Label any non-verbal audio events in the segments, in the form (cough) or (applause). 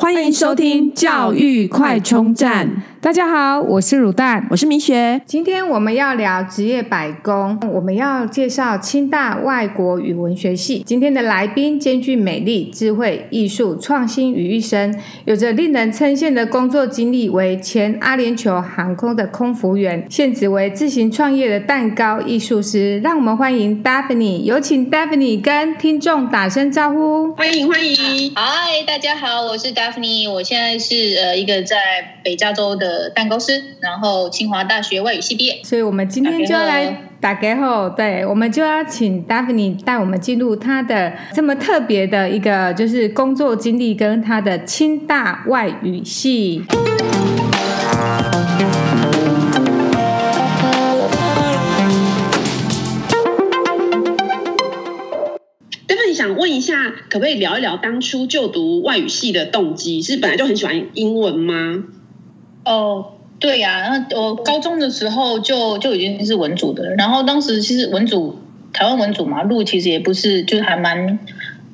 歡迎收聽教育快充站。大家好，我是滷蛋，我是米雪。今天我們要聊職業百工，我們要介紹清大外國語文學系。今天的來賓兼具美麗、智慧、藝術、創新於一身，有着令人稱羨的工作經歷，為前阿聯酋航空的空服員，現職為自行創業的蛋糕藝術師。讓我們歡迎 Daphne，有請 Daphne 跟聽眾打聲招呼，歡迎歡迎。歡迎 Hi，大家好，我是 Daphne，我現在是呃一個在北加州的。呃，蛋糕師，然後清華大學外語系畢業，所以我們今天就要來打給後，對，我們就要請 Daphne 帶我們進入他的這麼特別的一個，就是工作經歷跟他的清大外語系。嗯、Daphne 想問一下，可不可以聊一聊當初就讀外語系的動機？是本來就很喜歡英文嗎？哦，oh, 對呀、啊，然後我高中的時候就就已經是文組的，然後當時其實文組台灣文組嘛，路其實也不是，就是還蠻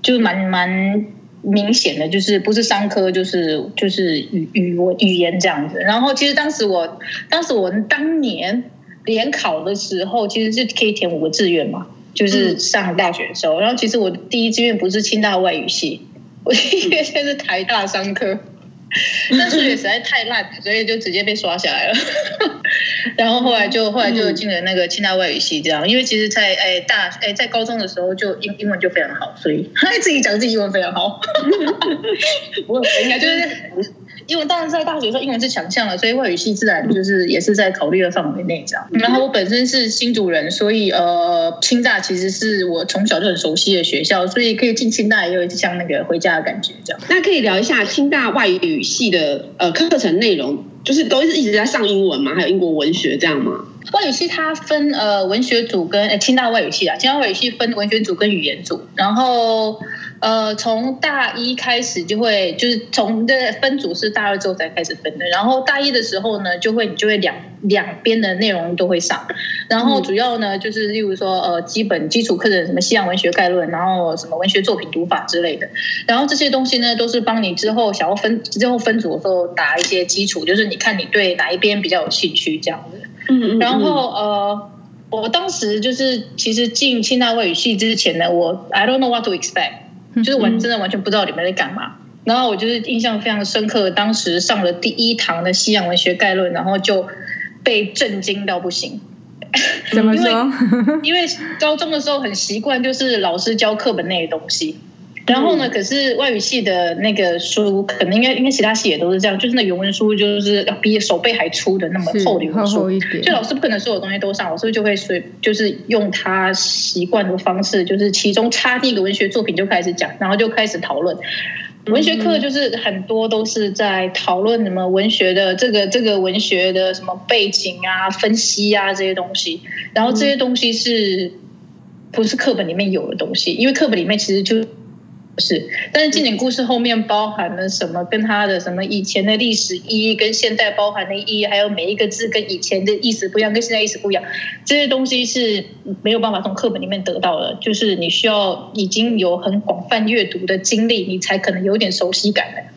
就是蠻蠻明顯的，就是不是商科，就是就是語語文語言這樣子。然後其實當時我當時我當年聯考的時候，其實是可以填五個志願嘛，就是上大學的時候。嗯、然後其實我第一志願不是清大外語系，我第一志願是台大商科。嗯 (laughs) 但數學實在太爛，所以就直接被刷下來了。 (laughs) 然後後來就、嗯、後來就進了那個清大外語系，這樣。因為其實在誒、欸、大誒、欸、在高中的時候就英英文就非常好，所以他自己講自己英文非常好。 (laughs) (laughs) 我應該就是。因為當然在大學的時候，英文是強項了，所以外語系自然就是也是在考慮的範圍內這樣。然後我本身是新竹人，所以呃，清大其實是我從小就很熟悉的學校，所以可以進清大也有像那個回家的感覺這樣。那可以聊一下清大外語系的呃課程內容，就是都是一直在上英文嘛，還有英國文學這樣嗎？外語系它分呃文學組跟呃、欸、清大外語系啊，清大外語系分文學組跟語言組，然後。呃，從大一開始就會，就是從這分組是大二之後才開始分的。然後大一的時候呢，就會你就會兩兩邊的內容都會上。然後主要呢，就是例如說，呃，基本基礎課程什麼西洋文學概論，然後什麼文學作品讀法之類的。然後這些東西呢，都是幫你之後想要分之後分組的時候打一些基礎，就是你看你對哪一邊比較有興趣這樣子。嗯。然後呃，我當時就是其實進清大外語系之前呢，我 I don't know what to expect。就是完，真的完全不知道裡面在幹嘛。然後我就是印象非常深刻，當時上了第一堂的西洋文學概論，然後就被震驚到不行。怎麼說？因為因為高中的時候很習慣，就是老師教課本那些東西。然後呢，可是外語系的那個書，可能應該應該其他系也都是這樣，就是那原文書就是要比手背還粗的那麼厚的書，所以老師不可能所有的東西都上，我是不是就會隨就是用他習慣的方式，就是其中插進一個文學作品就開始講，然後就開始討論。文學課就是很多都是在討論什麼文學的嗯嗯這個這個文學的什麼背景啊、分析啊這些東西，然後這些東西是不是課本裡面有的東西？因為課本裡面其實就，不是，但是經典故事後面包含了什麼，跟他的什麼以前的歷史意義，跟現在包含的意義，還有每一個字跟以前的意思不一樣，跟現在意思不一樣，這些東西是沒有辦法從課本裡面得到的，就是你需要已經有很廣泛閱讀的經歷，你才可能有點熟悉感的。嗯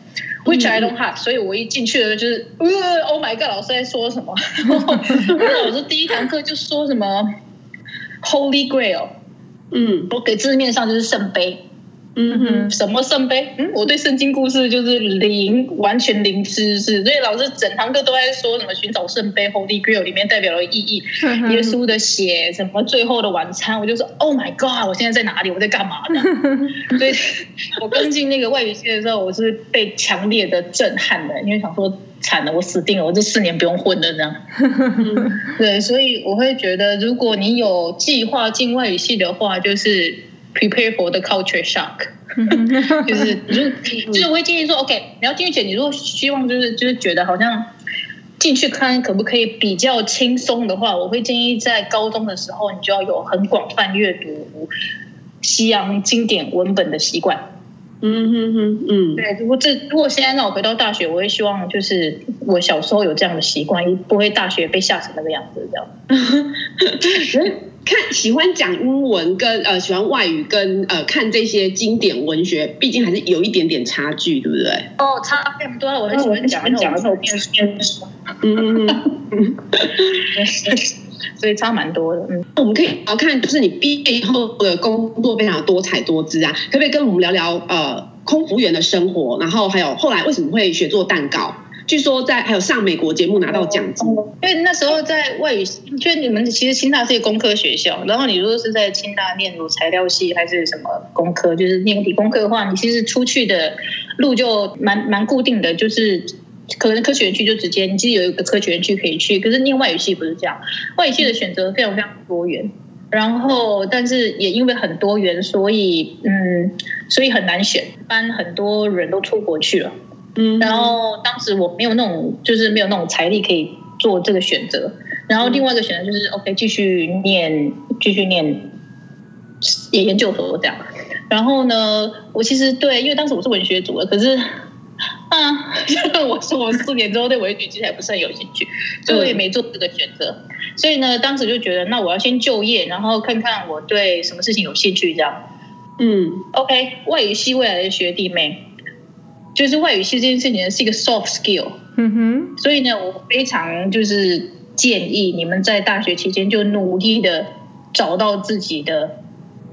，Which I don't have，所以我一進去了就是，Oh my God，老師在說什麼？ (laughs) 老師第一堂課就說什麼 Holy Grail，嗯，我給字面上就是聖杯。嗯哼，什麼聖杯？嗯，我對聖經故事就是零，完全零知識。所以老師整堂課都在說什麼尋找聖杯《Holy Grail》裡面代表的意義，嗯、哼耶穌的血，什麼最後的晚餐。我就說 Oh my God！我現在在哪裡？我在幹嘛呢？所以、嗯、哼我剛進那個外語系的時候，我是被強烈的震撼的，因為想說慘了，我死定了，我這四年不用混了呢。嗯，對，所以我會覺得，如果你有計劃進外語系的話，就是。Prepare for the culture shock， (laughs) 就是就是就是我會建議說，OK，你要進去，你如果希望就是就是覺得好像進去看可不可以比較輕鬆的話，我會建議在高中的時候你就要有很廣泛閱讀西洋經典文本的習慣。嗯哼哼，嗯，對。如果這如果現在讓我回到大學，我會希望就是我小時候有這樣的習慣，也不會大學被嚇成那個樣子這樣。 (laughs) 看喜歡講英文跟呃喜歡外語跟呃看這些經典文學，畢竟還是有一點點差距，對不對？哦，差很多、啊嗯。我很喜歡講，講的時候變變嗯嗯嗯，所以差蠻多的。嗯，嗯我們可以聊看，就是你畢業以後的工作非常多彩多姿啊。可不可以跟我們聊聊呃空服員的生活？然後還有後來為什麼會學做蛋糕？據說在還有上美國節目拿到獎金，因為那時候在外語，就你們其實清大是一個工科學校，然後你如果是在清大念如材料系還是什麼工科，就是念理工科的話，你其實出去的路就蠻蠻固定的，就是可能科學園區就直接，你其實有一個科學園區可以去，可是念外語系不是這樣，外語系的選擇非常非常多元，然後但是也因為很多元，所以嗯，所以很難選，一般很多人都出國去了。然後當時我沒有那種，就是沒有那種財力可以做這個選擇。然後另外一個選擇就是，OK，繼續念，繼續念，也研究所這樣。然後呢，我其實對，因為當時我是文學組的，可是，啊，我說我四年之後對文學其實也不是很有興趣，所以我也沒做這個選擇。所以呢，當時就覺得，那我要先就業，然後看看我對什麼事情有興趣這樣。嗯，OK，外語系未來的學弟妹。就是外語系這件事情是一個 soft skill，嗯哼，所以呢，我非常就是建議你們在大學期間就努力的找到自己的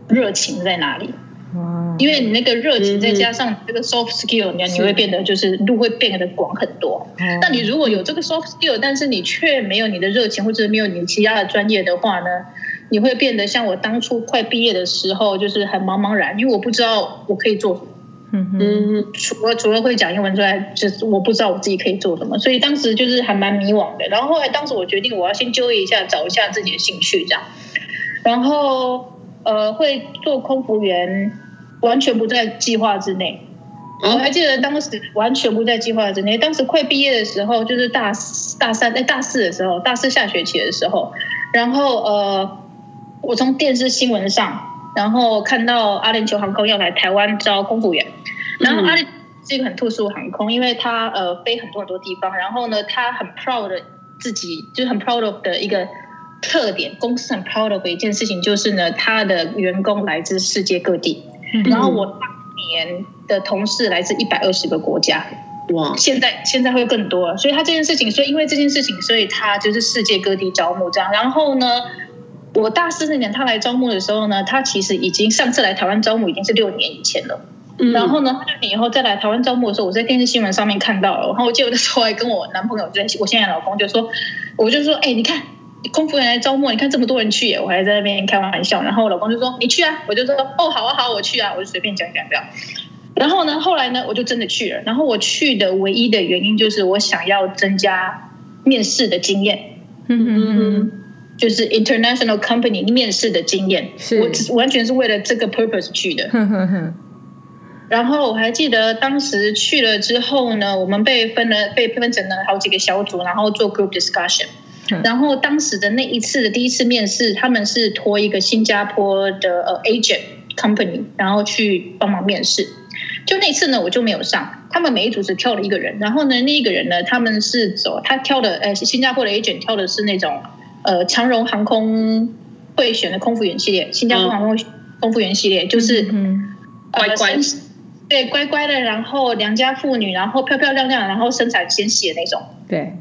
熱情在哪裡，嗯、因為你那個熱情再加上這個 soft skill，你看是你會變得就是路會變得廣很多。那、嗯、你如果有這個 soft skill，但是你卻沒有你的熱情或者沒有你其他的專業的話呢，你會變得像我當初快畢業的時候，就是很茫茫然，因為我不知道我可以做什麼。嗯，除了除了會講英文之外，就是我不知道我自己可以做什麼，所以當時就是還蠻迷惘的。然後後來，當時我決定我要先就業一下，找一下自己的興趣，這樣。然後呃，會做空服員完全不在計劃之內。我還記得當時完全不在計劃之內。當時快畢業的時候，就是大大三在、哎、大四的時候，大四下學期的時候，然後呃，我從電視新聞上。然後看到阿聯酋航空要來台灣招空服員，然後阿聯是一個很特殊的航空，因為它呃飛很多很多地方，然後呢，它很 proud 的自己，就是很 proud of 的一個特點，公司很 proud of 一件事情，就是呢，它的員工來自世界各地，然後我當年的同事來自一百二十個國家，哇、嗯，現在現在會更多了，所以他這件事情，所以因為這件事情，所以他就是世界各地招募這樣，然後呢。我大四那年，他來招募的時候呢，他其實已經上次來台灣招募已經是六年以前了。嗯。然後呢，六年以後再來台灣招募的時候，我在電視新聞上面看到了。然後我記得那時候還跟我男朋友，我現在老公，就說，我就說，哎、欸，你看，空服員來招募，你看這麼多人去耶，我還在那邊開玩笑。然後我老公就說，你去啊。我就說，哦，好啊，好啊，我去啊，我就隨便講一講這樣。然後呢，後來呢，我就真的去了。然後我去的唯一的原因就是我想要增加面試的經驗。嗯嗯嗯。嗯就是 international company 面試的經驗，是我只完全是為了這個 purpose 去的。 (laughs) 然後我還記得當時去了之後呢，我們被分了，被分成了好幾個小組，然後做 group discussion。嗯、然後當時的那一次的第一次面試，他們是托一個新加坡的呃 agent company，然後去幫忙面試。就那次呢，我就沒有上，他們每一組只跳了一個人。然後呢，那一個人呢，他們是走他跳的，呃、哎，新加坡的 agent 跳的是那種。呃，長榮航空會選的空服員系列，新加坡航空空服員系列、嗯、就是、嗯嗯、乖乖，呃、對乖乖的，然後良家婦女，然後漂漂亮亮，然後身材纖細的那種。對，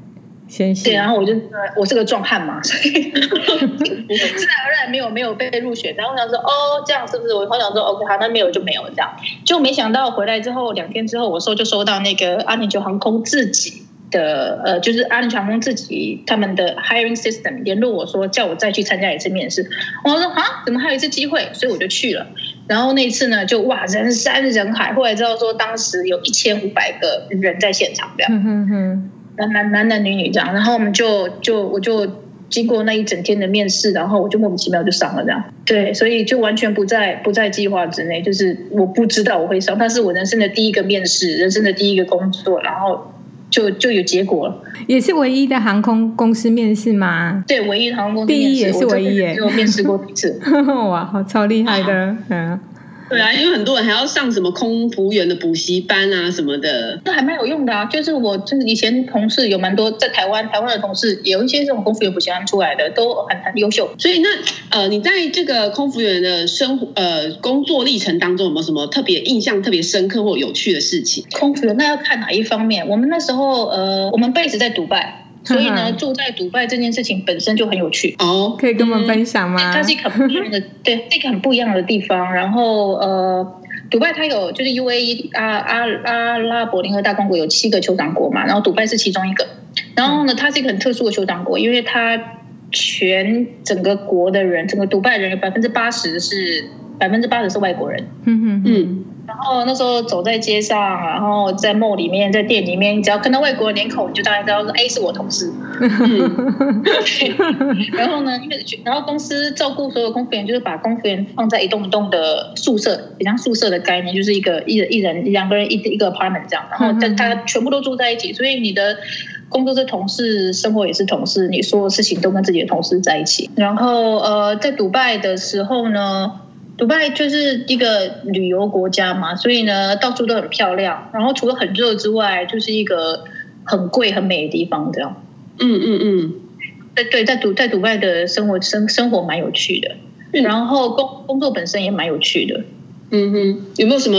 纖細。對，然後我就、呃、我是個壯漢嘛，自然而然沒有沒有被入選。然後我想說，哦，這樣是不是？我好想說，OK，、哦、好，那沒有就沒有這樣。就沒想到回來之後兩天之後，我收就收到那個阿聯酋航空自己。的呃，就是阿聯酋自己他們的 hiring system 聯絡我說，叫我再去參加一次面試，我說啊，怎麼還有一次機會？所以我就去了。然後那一次呢，就哇，人山人海。後來知道說當時有一千五百個人在現場這樣，那、嗯、男男男女女這樣。然後我們就就我就經過那一整天的面試，然後我就莫名其妙就上了這樣。對，所以就完全不在不在計劃之內，就是我不知道我會上，但是我人生的第一個面試，人生的第一個工作，然後。就就有結果了，也是唯一的航空公司面試嗎？對，唯一的航空公司面第一也是唯一耶，就面試過一次， (laughs) 哇，好超厲害的，啊、嗯。對啊，因為很多人還要上什麼空服員的補習班啊什麼的，那還蠻有用的啊。就是我就是以前同事有蠻多在台灣，台灣的同事有一些這種空服員補習班出來的，都很很優秀。所以那呃，你在這個空服員的生活呃工作歷程當中，有沒有什麼特別印象特別深刻或有趣的事情？空服員，那要看哪一方面？我們那時候呃，我們 base 在杜拜。 (music) 所以呢，住在迪拜這件事情本身就很有趣哦，oh, 嗯、可以跟我們分享嗎？ (music) 它是一個很不一樣的，對，這個很不一樣的地方。然後呃，迪拜它有就是 U A E、啊、阿阿、啊、阿拉伯聯合大公國有七個酋長國嘛，然後迪拜是其中一個。然後呢，它是一個很特殊的酋長國，因為它全整個國的人，整個迪拜人有百分之八十是百分之八十是外國人。嗯嗯 (music) 嗯。然後那時候走在街上，然後在 mall 裡面，在店裡面，你只要看到外國的臉孔，你就大概知道是哎， (laughs) A, 是我同事。嗯、 (laughs) 然後呢，因為然後公司照顧所有空服員，就是把空服員放在一棟一棟的宿舍，比較宿舍的概念，就是一個一人一人兩個人一一個 apartment 這樣，然後大家全部都住在一起，所以你的工作是同事，生活也是同事，你所有事情都跟自己的同事在一起。然後呃，在杜拜的時候呢？杜拜就是一個旅遊國家嘛，所以呢，到處都很漂亮。然後除了很熱之外，就是一個很貴、很美的地方。這樣，嗯嗯嗯，對、嗯嗯、對，在杜、在杜拜的生活生生活蠻有趣的，嗯、然後工工作本身也蠻有趣的。嗯哼，有沒有什麼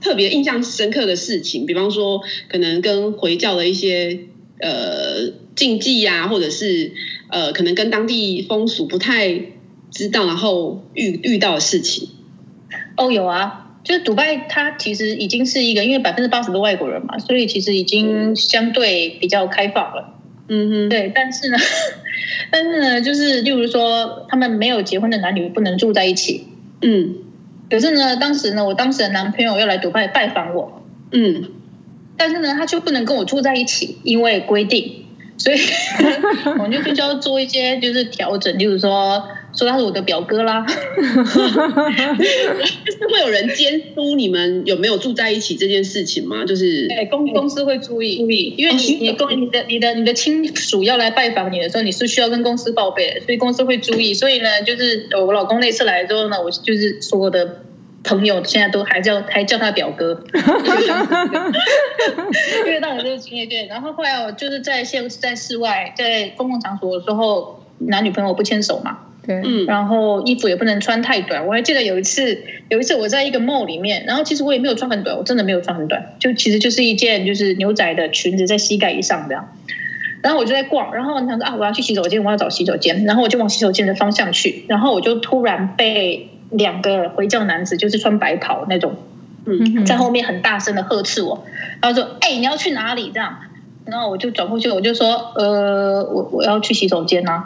特別印象深刻的事情？比方說，可能跟回教的一些呃禁忌啊，或者是呃，可能跟當地風俗不太知道，然後遇遇到的事情哦，有啊，就是杜拜，他其實已經是一個，因為百分之八十的外國人嘛，所以其實已經相對比較開放了。嗯哼，對，但是呢，但是呢，就是例如說，他們沒有結婚的男女不能住在一起。嗯，可是呢，當時呢，我當時的男朋友要來杜拜拜訪我。嗯，但是呢，他就不能跟我住在一起，因為規定，所以 (laughs) (laughs) 我們就就要做一些就是調整，就是說。說他是我的表哥啦， (laughs) (laughs) 就是會有人監督你們有沒有住在一起這件事情嗎？就是公公司會注意注意，因為你你公你的你的你的親屬要來拜訪你的時候，你是需要跟公司報備，所以公司會注意。所以呢，就是我老公那次來之後呢，我就是所有我的朋友現在都還叫還叫他表哥，因為當時的經驗。對，然後後來我就是在現，在室外，在公共場所的時候，男女朋友不牽手嘛。對嗯，然後衣服也不能穿太短。我還記得有一次，有一次我在一個 mall 裡面，然後其實我也沒有穿很短，我真的沒有穿很短，就其實就是一件就是牛仔的裙子在膝蓋以上這樣。然後我就在逛，然後我想說啊，我要去洗手間，我要找洗手間。然後我就往洗手間的方向去，然後我就突然被兩個回教男子，就是穿白袍那種，嗯，在後面很大聲的呵斥我，然後說：“哎，你要去哪裡？”這樣，然後我就轉過去，我就說：“呃，我我要去洗手間吶。”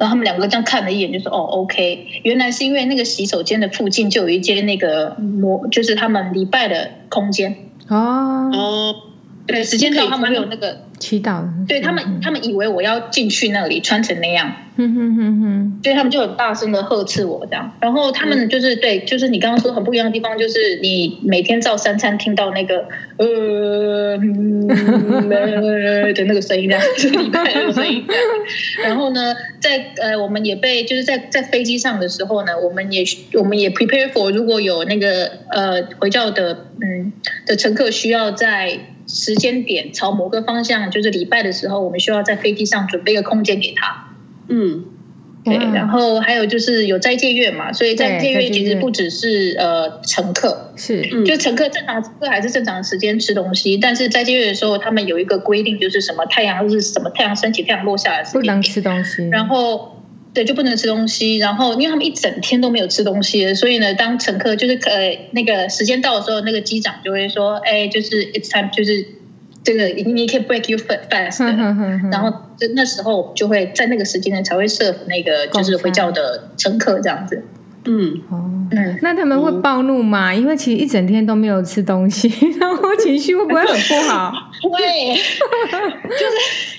然後他們兩個這樣看了一眼，就說、是：“哦，OK，原來是因為那個洗手間的附近就有一間那個魔，就是他們禮拜的空間。哦”哦對，時間到，他們沒有那個祈禱。對他們，他們以為我要進去那裡穿成那樣，哼。所以他們就很大聲的呵斥我這樣。然後他們就是對，就是你剛剛說很不一樣的地方，就是你每天照三餐聽到那個呃的那個聲音，然後呢，在呃，我們也被就是在在在飛機上的時候呢，我們也我們也 prepare for 如果有那個呃回教的嗯的乘客需要在。時間點朝某個方向，就是禮拜的時候，我們需要在飛機上準備一個空間給他。嗯，哇對。然後還有就是有齋戒月嘛，所以齋戒月其實不只是呃乘客，是、嗯、就乘客正常，乘客還是正常時間吃東西，但是齋戒月的時候，他們有一個規定，就是什麼太陽、就是什麼太陽升起、太陽落下的時間，不能吃東西，然後。對，就不能吃東西。然後，因為他們一整天都沒有吃東西，所以呢，當乘客就是、呃、那個時間到的時候，那個機長就會說：“哎，就是 it's time，就是這個你可以 break your foot fast 哼哼哼。”然後，那時候就會在那個時間內才會 serve 那個就是回教的乘客這樣子。開嗯，哦，嗯、那他們會暴怒嗎？因為其實一整天都沒有吃東西，然後情緒會不會很不好？會， (laughs) 就是。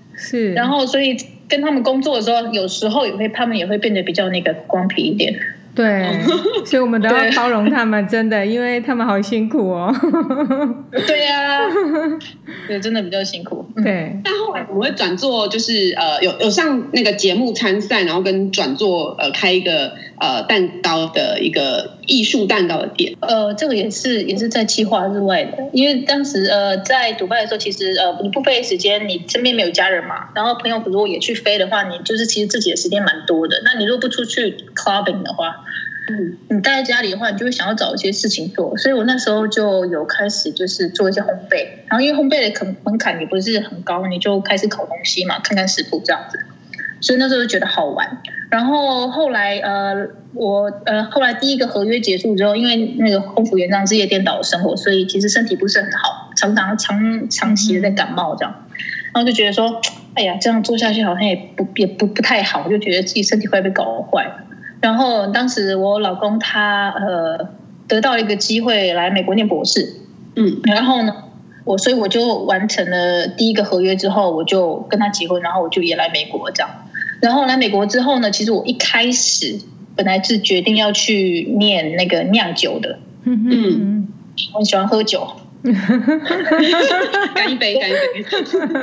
是，然後所以跟他們工作的時候，有時候也會他們也會變得比較那個光皮一點。對，所以我們都要包容他們，對真的，因為他們好辛苦哦。 (laughs) 對呀、啊，對，真的比較辛苦。對、嗯，但後來我們會轉做，就是呃，有有上那個節目參賽，然後跟轉做呃開一個。呃，蛋糕的一個藝術蛋糕的店，呃，這個也是也是在計劃之外的，因為當時呃在迪拜的時候，其實呃你不飛時間，你身邊沒有家人嘛，然後朋友如果也去飛的話，你就是其實自己的時間蠻多的。那你如果不出去 clubbing 的話，嗯，你待在家裡的話，你就會想要找一些事情做。所以我那時候就有開始就是做一些烘焙，然後因為烘焙的可能門檻也不是很高，你就開始烤東西嘛，看看食譜這樣子，所以那時候就覺得好玩。然後後來呃我呃後來第一個合約結束之後，因為那個空服員常是日夜顛倒的生活，所以其實身體不是很好，常常長長期的在感冒這樣，嗯、然後就覺得說，哎呀，這樣做下去好像也不也不不太好，我就覺得自己身體快被搞壞。然後當時我老公他呃得到一個機會來美國念博士，嗯，然後呢我所以我就完成了第一個合約之後，我就跟他結婚，然後我就也來美國這樣。然後來美國之後呢，其實我一開始本來是決定要去念那個釀酒的，嗯嗯，嗯，我喜歡喝酒， (laughs) (laughs) 乾一杯，乾杯，乾一杯。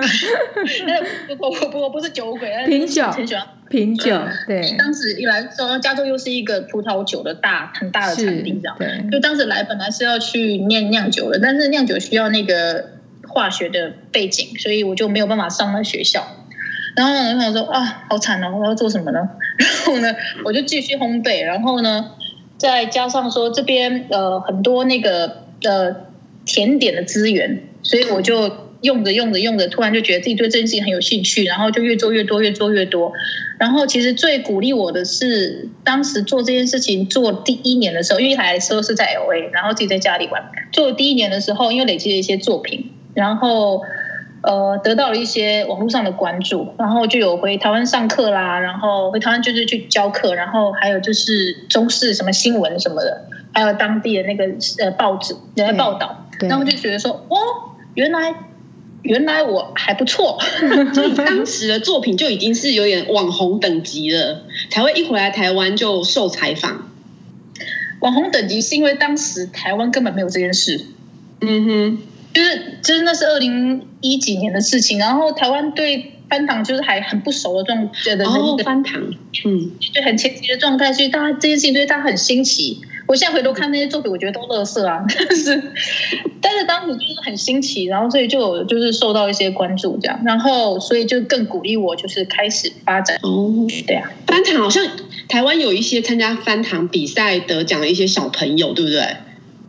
那個我我我不是酒鬼，我喜歡品酒很喜歡品酒。對，當時一來之後，加州又是一個葡萄酒的大很大的產地，是這樣對就當時來本來是要去念釀酒的，但是釀酒需要那個化學的背景，所以我就沒有辦法上了學校。然後我就想說啊，好慘哦！我要做什麼呢？然後呢，我就繼續烘焙。然後呢，再加上說這邊呃很多那個呃甜點的資源，所以我就用着用着用着，突然就覺得自己對這件事情很有興趣。然後就越做越多，越做越多。然後其實最鼓勵我的是，當時做這件事情做第一年的時候，因為還來說是在 LA，然後自己在家裡玩。做第一年的時候，因為累積了一些作品，然後。呃，得到了一些網絡上的關注，然後就有回台灣上課啦，然後回台灣就是去教課，然後還有就是中視什麼新聞什麼的，還有當地的那個呃報紙在報道他們對就覺得說，對哦，原來原來我還不錯， (laughs) 所以當時的作品就已經是有點網紅等級了，才會一回來台灣就受採訪。網紅等級是因為當時台灣根本沒有這件事，嗯哼。就是，就是那是二零一幾年的事情。然後台灣對翻糖就是還很不熟的狀態的、那個，然後、哦、翻糖，嗯，就很前期的狀態，所以大家這件事情對他很新奇。我現在回頭看那些作品，我覺得都垃圾啊。但是，但是當時就是很新奇，然後所以就有就是受到一些關注，這樣，然後所以就更鼓勵我，就是開始發展。哦，對啊，翻糖好像台灣有一些參加翻糖比賽得獎的一些小朋友，對不對？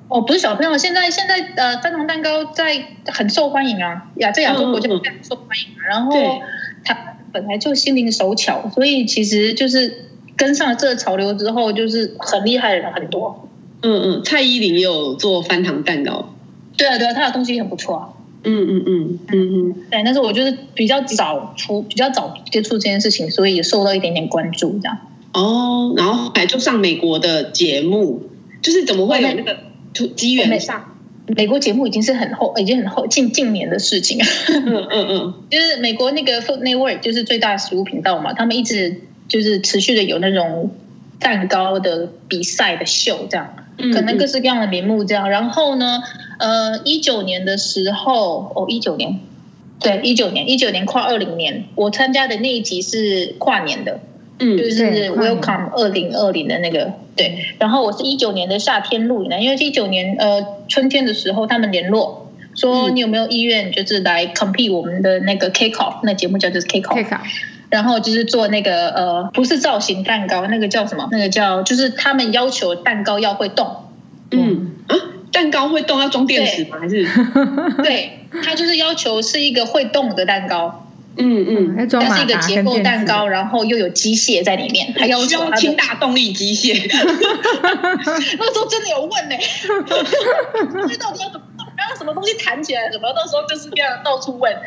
哦，不是小朋友，現在現在呃，翻糖蛋糕在很受歡迎啊，亞在亞洲國家不很受歡迎啊。哦、然後他本來就心靈手巧，對所以其實就是跟上了這個潮流之後，就是很厲害的人很多。嗯嗯，蔡依林也有做翻糖蛋糕，對啊對啊，他、啊、的東西很不錯啊。嗯嗯嗯嗯嗯，嗯嗯嗯嗯對，但是我就是比較早出，比較早接觸這件事情，所以也受到一點點關注這樣。哦，然後還就上美國的節目，就是怎麼會有 (laughs) 那個。機緣上，美國節目已經是很後，已經很後近近年的事情。嗯嗯嗯，就是美國那個 Food Network，就是最大的食物頻道嘛，他們一直就是持續的有那種蛋糕的比賽的秀，這樣，可能各式各樣的名目這樣。然後呢，呃，一九年的時候，哦，一九年，對，一九年，一九年跨二零年，我參加的那一集是跨年的。嗯，就是 welcome 二零二零的那個，對。對對，然後我是一九年的夏天錄影的，因為是一九年呃春天的時候他們聯絡說，你有沒有意願，就是來 compete 我們的那個 cake off，那節目叫做 cake off，然後就是做那個呃不是造型蛋糕，那個叫什麼？那個叫就是他們要求蛋糕要會動，嗯，嗯、啊，蛋糕會動要裝電池嗎？還是對？ (laughs) 對，他就是要求是一個會動的蛋糕。嗯嗯，但是一個結構蛋糕，然後又有機械在裡面，還有清大動力機械。 (laughs) 那時候真的有問呢、欸， (laughs) 到底要怎麼什麼東西彈起來，什麼到時候就是這樣到處問。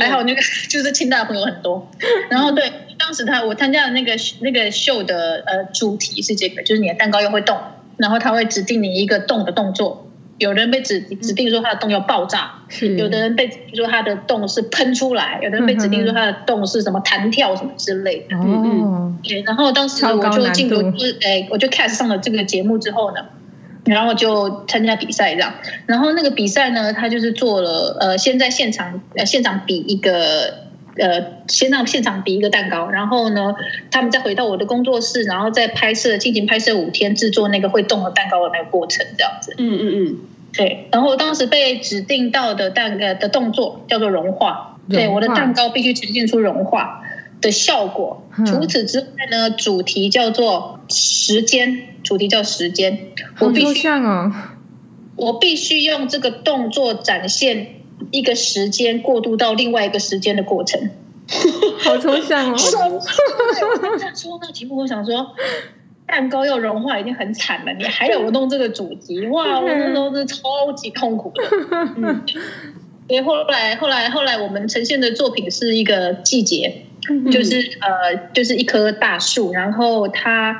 還好那個就是清大的朋友很多。然後對，嗯、當時他我參加的那個那個秀的呃主題是這個，就是你的蛋糕又會動，然後他會指定你一個動的動作。有的人被指指定說他的洞要爆炸，是有的人被指定說他的洞是噴出來，有的人被指定說他的洞是什麼彈跳什麼之類的。哦、嗯嗯，對。然後當時我就進入，就是哎，我就 cast 上了這個節目之後呢，然後就參加比賽這樣。然後那個比賽呢，他就是做了呃，先在現場呃現場比一個。呃，先讓現場比一個蛋糕，然後呢，他們再回到我的工作室，然後再拍攝，進行拍攝五天，製作那個會動的蛋糕的那個過程，這樣子。嗯嗯嗯，對。然後當時被指定到的蛋呃的動作叫做融化，融化對，我的蛋糕必須呈現出融化的效果。嗯、除此之外呢，主題叫做時間，主題叫時間，我必須，好抽象哦、我必須用這個動作展現。一個時間過渡到另外一個時間的過程， (laughs) 好抽象哦。抽象，對，我剛才說那個題目，我想說，蛋糕要融化已經很慘了，你還有弄這個主題，哇！我那時候是超級痛苦的。嗯，對，後來後來後來，後來我們呈現的作品是一個季節，就是、嗯、呃，就是一棵大樹，然後它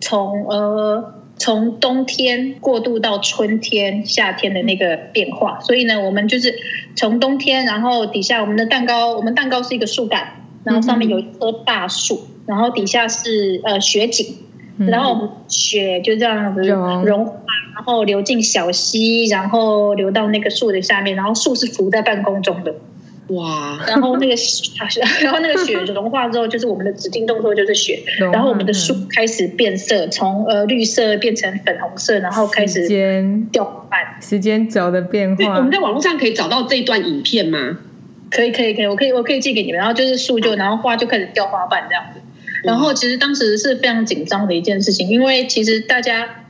從呃。從冬天過渡到春天、夏天的那個變化，所以呢，我們就是從冬天，然後底下我們的蛋糕，我們蛋糕是一個樹幹，然後上面有一棵大樹，然後底下是呃雪景，然後雪就這樣子融化，然後流進小溪，然後流到那個樹的下面，然後樹是浮在半空中的。哇！然後那個雪， (laughs) 然後那個雪融化之後，就是我們的指定動作就是雪。然後我們的樹開始變色，從呃綠色變成粉紅色，然後開始掉花瓣。時間軸的變化。我們在網絡上可以找到這一段影片嗎？可以，可以，可以，我可以，我可以寄給你們。然後就是樹就，然後花就開始掉花瓣這樣子。嗯。然後其實當時是非常緊張的一件事情，因為其實大家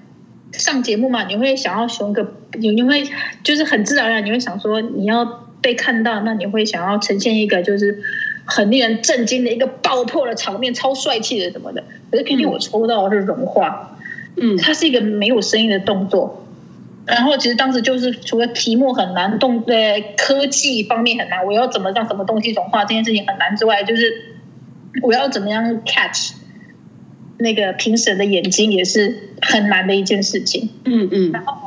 上節目嘛，你會想要選一個，你你會就是很自然而然，你會想說你要。被看到，那你會想要呈現一個就是很令人震驚的一個爆破的場面，超帥氣的什麼的。可是偏偏我抽到的是融化，嗯，它是一個沒有聲音的動作。然後其實當時就是除了題目很難動，呃，科技方面很難，我要怎麼讓什麼東西融化這件事情很難之外，就是我要怎麼樣 catch 那個評審的眼睛也是很難的一件事情。嗯嗯。然後。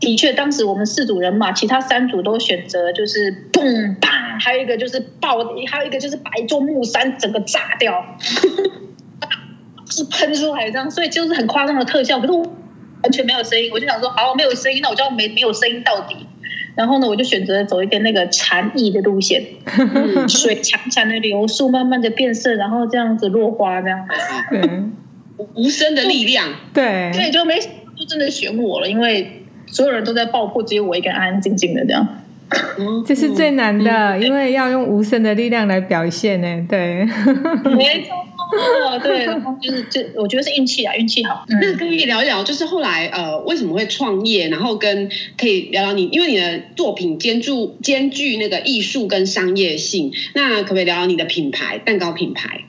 的確，當時我們四組人馬，其他三組都選擇就是砰砰，還有一個就是爆，還有一個就是把一座木山整個炸掉，呵呵是噴出來這樣，所以就是很誇張的特效。可是我完全沒有聲音，我就想說，好，沒有聲音，那我就要沒沒有聲音到底。然後呢，我就選擇走一點那個禪意的路線， (laughs) 嗯、水潺潺的流速，慢慢的變色，然後這樣子落花這樣子，對無聲的力量，對，所以就沒就真的選我了，因為。所有人都在爆破，只有我一個人安安靜靜的這樣，這是最難的，嗯嗯、因為要用無聲的力量來表現呢。對，沒錯，對， (laughs) 就是這，我覺得是運氣啊，運氣好、嗯。那可以聊一聊，就是後來呃，為什麼會創業？然後跟可以聊聊你，因為你的作品兼具兼具那個藝術跟商業性，那可不可以聊聊你的品牌蛋糕品牌？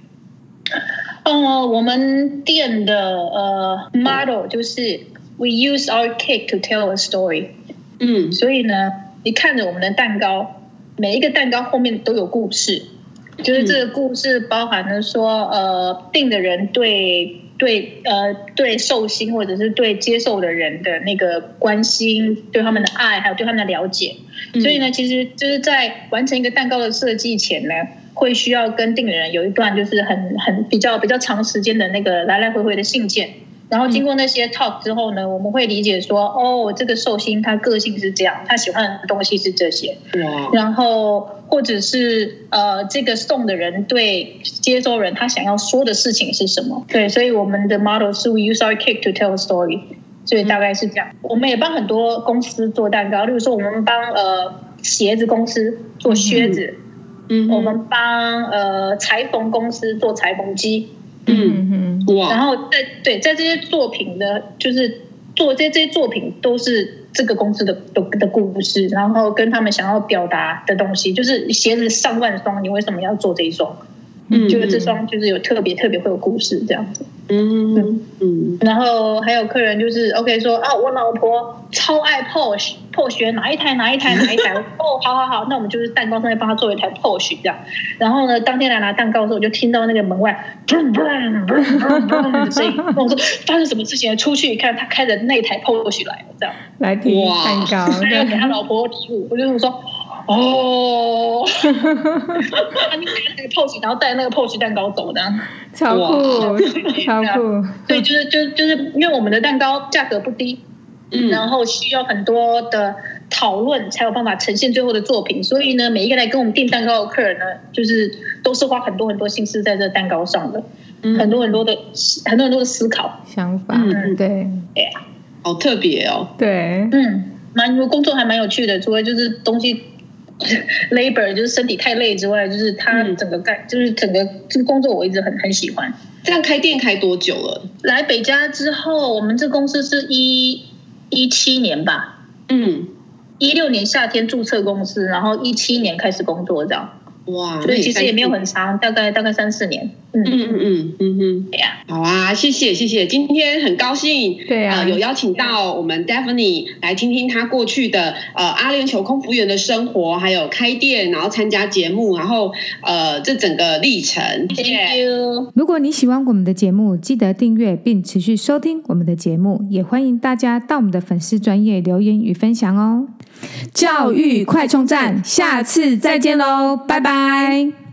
嗯、我們店的呃 model 對就是。We use our cake to tell a story。嗯，所以呢，你看着我們的蛋糕，每一個蛋糕後面都有故事，就是這個故事包含了說，嗯、呃，訂的人對對呃對壽星或者是對接受的人的那個關心，嗯、對他們的愛，還有對他們的了解。嗯、所以呢，其實就是在完成一個蛋糕的設計前呢，會需要跟訂的人有一段就是很很比較比較長時間的那個來來回回的信件。然後經過那些 talk 之後呢，嗯、我們會理解說，哦，這個壽星他個性是這樣，他喜歡的東西是這些，哇然後或者是呃，這個送的人對接收人他想要說的事情是什麼？對，所以我們的 model 是 We use our cake to tell a story，所以大概是這樣。嗯、我們也幫很多公司做蛋糕，例如說我們幫呃鞋子公司做靴子，嗯，我們幫呃裁縫公司做裁縫機，嗯。嗯 Wow. 然後在對在這些作品的，就是做這些這些作品都是這個公司的的的故事，然後跟他們想要表達的東西，就是鞋子上萬雙，你為什麼要做這一雙？嗯，嗯，就是這雙就是有特別特別會有故事這樣子。嗯嗯然後還有客人就是 OK 說啊，我老婆超愛 Porsche。Porsche 哪一台，哪一台，哪一台哦，好好好，那我們就是蛋糕上面幫他做一台 Porsche 這樣。然後呢，當天來拿蛋糕的時候，我就聽到那個門外砰砰砰砰的聲音，我說發生什麼事情了？出去一看，他開着那台 Porsche 來了這樣，來提蛋糕，要給他老婆禮物。我就說，哦，他你開那個 Porsche，然後帶那個 Porsche 蛋糕走的，超酷，超酷，對，就是就就是因為我們的蛋糕價格不低。嗯嗯、然後需要很多的討論才有辦法呈現最後的作品，所以呢，每一個來跟我們訂蛋糕的客人呢，就是都是花很多很多心思在這蛋糕上的，嗯、很多很多的很多很多的思考想法，嗯，對，哎呀、啊，好特別哦，對，嗯，蠻多工作還蠻有趣的，除了就是東西 (laughs) labor 就是身體太累之外，就是他整個概、嗯、就是整個這個工作我一直很很喜歡。這樣開店開多久了？嗯、來北加之後，我們這公司是一。一七年吧，嗯，一六年夏天註冊公司，然後一七年開始工作這樣。哇，所以其實也沒有很長，大概大概三四年。嗯嗯嗯嗯嗯嗯，呀、嗯。嗯、啊好啊，謝謝謝謝，今天很高興，對呀、啊呃，有邀請到我們 Daphne、啊、來聽聽她過去的呃阿聯酋空服務員的生活，還有開店，然後參加節目，然後呃這整個歷程。謝謝。如果你喜歡我們的節目，記得訂閱並持續收聽我們的節目，也歡迎大家到我們的粉絲專頁留言與分享哦。教育快充站，下次再見嘍，拜拜。